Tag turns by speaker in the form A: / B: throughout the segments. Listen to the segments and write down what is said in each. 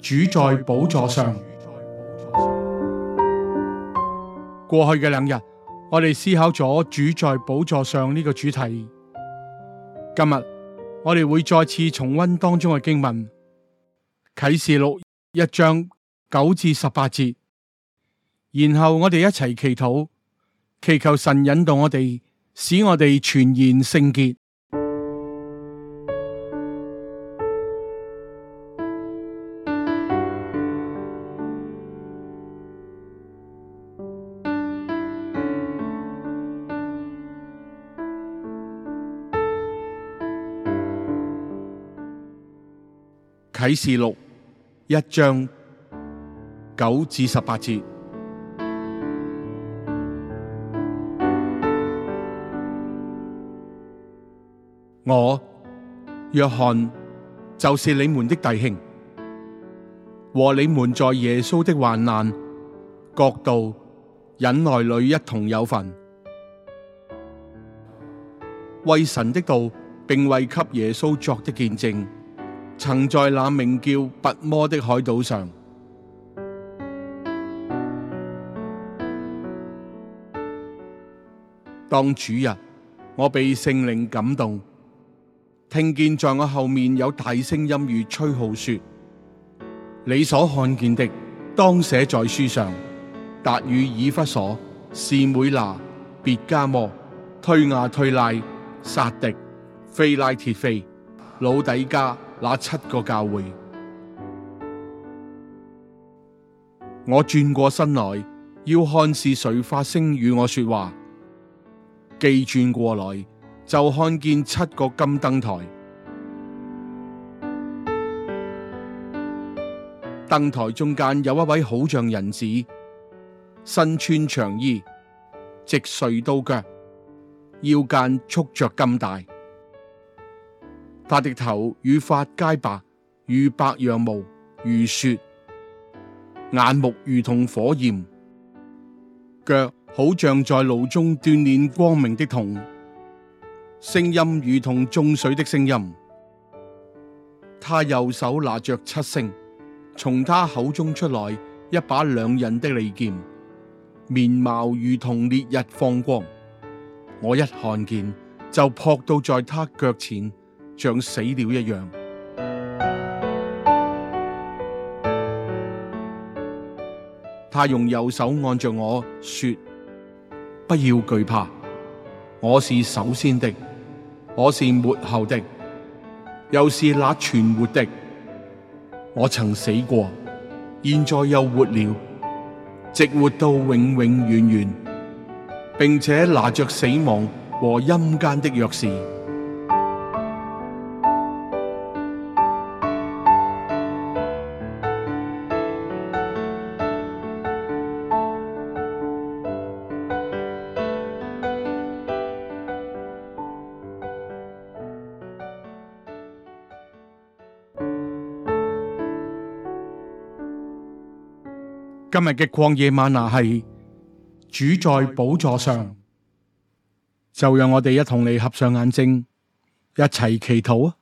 A: 主在寶座上。過去嘅兩日，我哋思考咗主在寶座上呢個主題。今日我哋會再次重溫當中嘅經文《啟示錄》一章九至十八節，然後我哋一齊祈禱，祈求神引導我哋，使我哋全然聖潔。啟示錄一章九至十八節。我約翰就是你們的弟兄，和你們在耶穌的患難、國度、忍耐裏一同有份，為神的道，並為給耶穌作的見證。曾在那名叫拔摩的海島上，當主日，我被聖靈感動，聽見在我後面有大聲音與吹號說：你所看見的，當寫在書上。達與以弗所、士每拿、別迦摩、推雅推拉、撒狄、非拉鐵非、老底加。那七個教會，我轉過身來要看是誰發聲與我說話，既轉過來就看見七個金燈台，燈台中間有一位好像人子，身穿長衣，直垂到腳，腰間束着金帶。他的頭與髮皆白，如白羊毛，如雪；眼目如同火焰，腳好像在爐中鍛煉光明的銅，聲音如同眾水的聲音。他右手拿着七星，從他口中出來一把兩刃的利劍，面貌如同烈日放光。我一看見，就撲到在他腳前。像死了一樣，他用右手按着我說：不要懼怕，我是首先的，我是末後的，又是那存活的。我曾死過，現在又活了，直活到永永遠遠，並且拿着死亡和陰間的鑰匙。今日嘅曠野嗎哪係主在寶座上，就讓我哋一同嚟，合上眼睛，一齊祈禱啊！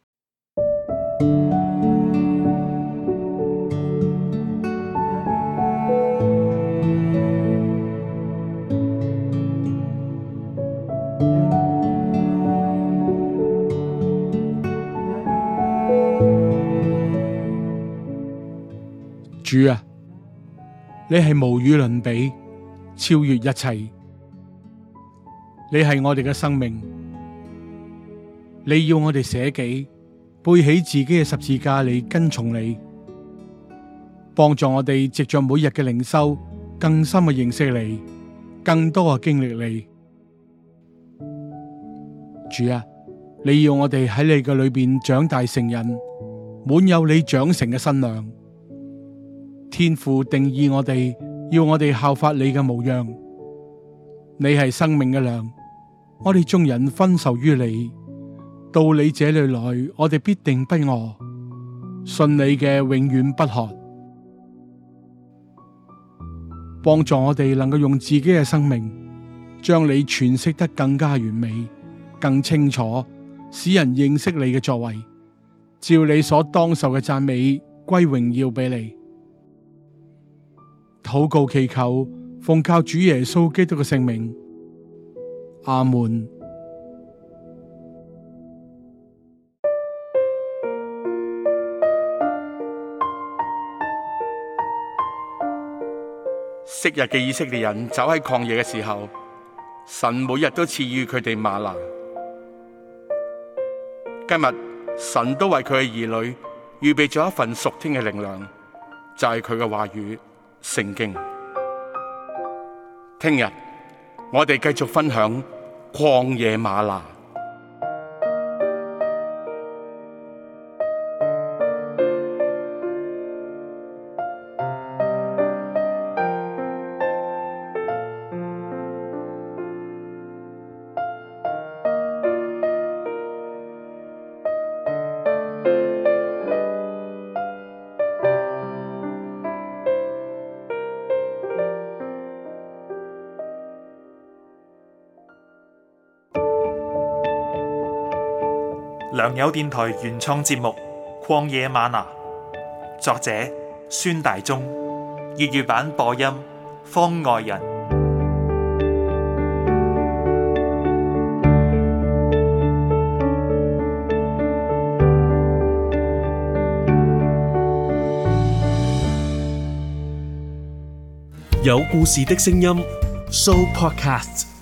A: 主啊！你係無與倫比，超越一切。你係我哋嘅生命，你要我哋捨己，背起自己嘅十字架，嚟跟從你，幫助我哋藉着每日嘅靈修，更深嘅認識你，更多嘅經歷你。主啊，你要我哋喺你嘅裏邊長大成人，滿有你長成嘅身量。天父定義我哋，要我哋效法你嘅模樣。你係生命嘅糧，我哋眾人分受於你。到你這裏來，我哋必定不餓，信你嘅永遠不渴。幫助我哋能夠用自己嘅生命，將你詮釋得更加完美、更清楚，使人認識你嘅作為。照你所當受嘅讚美，歸榮耀俾你。禱告祈求，奉靠主耶穌基督嘅聖名。阿門。昔日嘅以色列人走喺曠野嘅時候，神每日都賜予佢哋嗎哪。今日神都為佢嘅兒女預備咗一份屬天嘅靈糧，就係佢嘅話語。聖經。聽日我哋繼續分享曠野嗎哪。良友電台原創節目《曠野嗎哪》，作者孫大中，粵語版播音方外人。有故事的聲音，Show Podcast。